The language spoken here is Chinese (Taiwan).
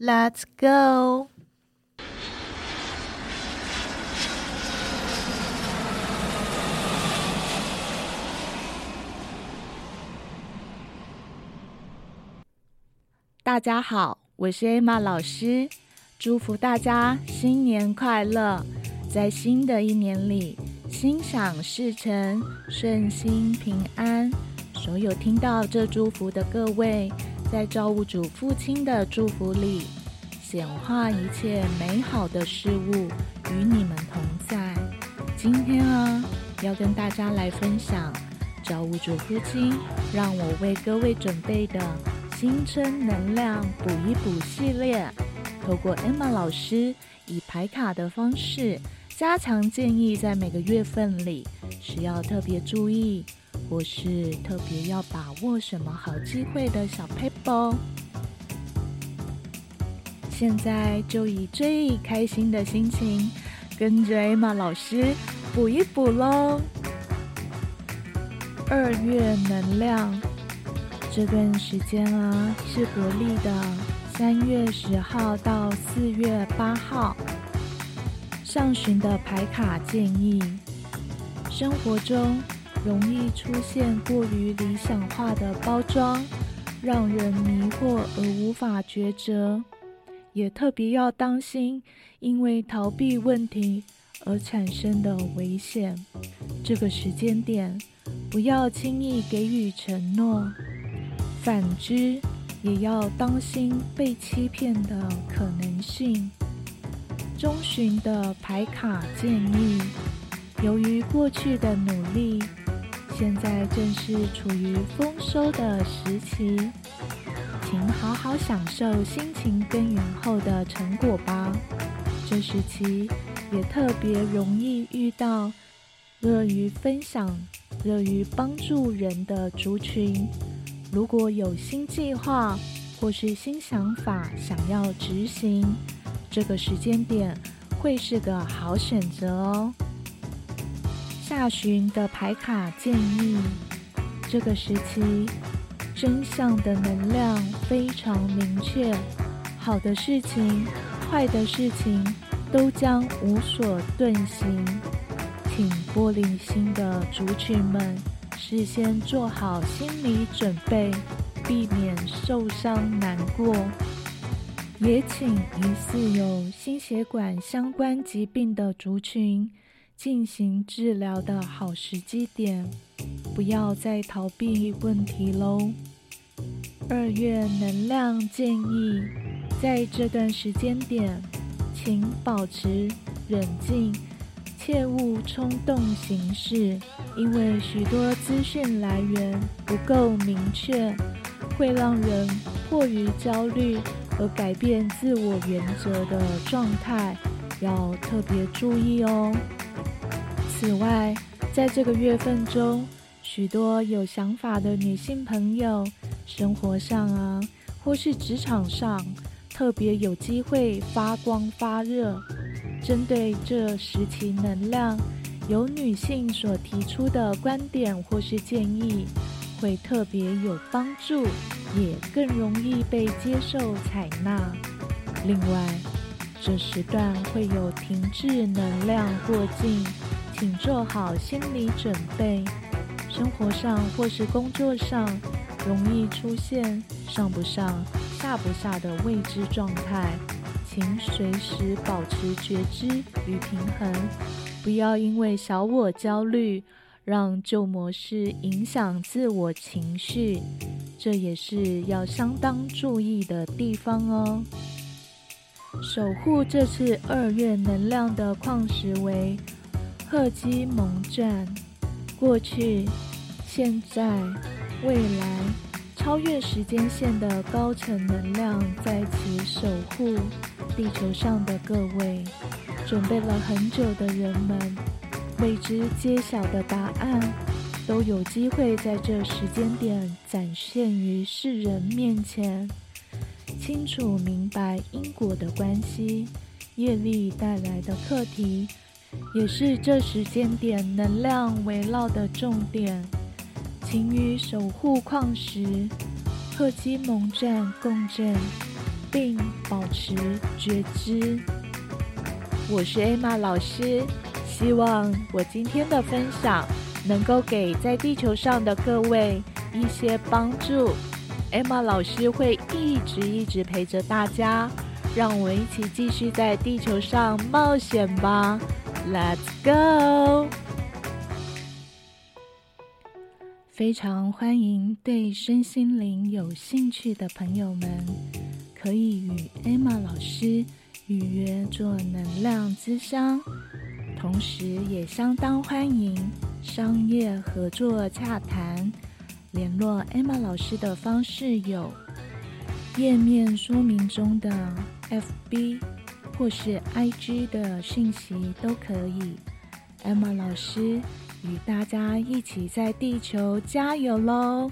Let's go！大家好，我是 Emma 老師，祝福大家新年快樂！在新的一年裡，心想事成，順心平安。所有聽到這祝福的各位。在造物主父親的祝福裡，顯化一切美好的事物與你們同在。今天啊，要跟大家來分享造物主父親讓我為各位準備的新春能量卜一卜系列。透過 Emma 老師以牌卡的方式，加強建議在每個月份裡需要特別注意，或是特別要把握什麼好機會的小撇步，現在就以最開心的心情，跟着 Emma 老師卜一卜嘍。二月能量這段時間啊是國曆的，三月十號到四月八號上旬的牌卡建議，生活中。容易出現過於理想化的包裝，讓人迷惑而無法抉擇，也特別要當心因為逃避問題而產生的危險。這個時間點，不要輕易給予承諾；反之，也要當心被欺騙的可能性。中旬的牌卡建議：由於過去的努力。現在正是處於豐收的時期，請好好享受辛勤耕耘後的成果吧。這時期也特別容易遇到樂於分享、樂於幫助人的族群。如果有新計劃或是新想法想要執行，這個時間點會是個好選擇哦。查詢的牌卡建議：這個時期真相的能量非常明確，好的事情、壞的事情都將無所遁形。請玻璃心的族群們事先做好心理準備，避免受傷難過。也請疑似有心血管相關疾病的族群，進行治療的好時機點，不要再逃避問題嘍。二月能量建議，在這段時間點，請保持冷靜，切勿衝動行事，因為許多資訊來源不夠明確，會讓人過於焦慮而改變自我原則的狀態，要特別注意哦。此外，在這個月份中，許多有想法的女性朋友，生活上啊，或是職場上，特別有機會發光發熱。針對這時期能量，由女性所提出的觀點或是建議，會特別有幫助，也更容易被接受採納。另外，這時段會有停滯能量過境。請做好心理準備，生活上或是工作上，容易出現上不上、下不下的未知狀態，請隨時保持覺知與平衡，不要因為小我焦慮，讓舊模式影響自我情緒，這也是要相當注意的地方哦。守護這次二月能量的礦石為。赫基蒙站，過去、現在、未來，超越時間線的高層能量在此守護地球上的各位。準備了很久的人們，未知揭曉的答案，都有機會在這時間點展現於世人面前。清楚明白因果的關係，業力帶來的課題。也是這時間點能量圍繞的重點，請與守護礦石、赫基蒙鑽共振，並保持覺知。我是 Emma 老師，希望我今天的分享能夠給在地球上的各位一些幫助。Emma 老師會一直一直陪着大家，讓我們一起繼續在地球上冒險吧。Let's go！ 非常歡迎對身心靈有興趣的朋友們，可以與 Emma 老師預約做能量諮商，同時也相當歡迎商業合作洽談。聯絡 Emma 老師的方式有頁面說明中的 FB。或是 IG 的信息都可以，Emma 老師與大家一起在地球加油嘍！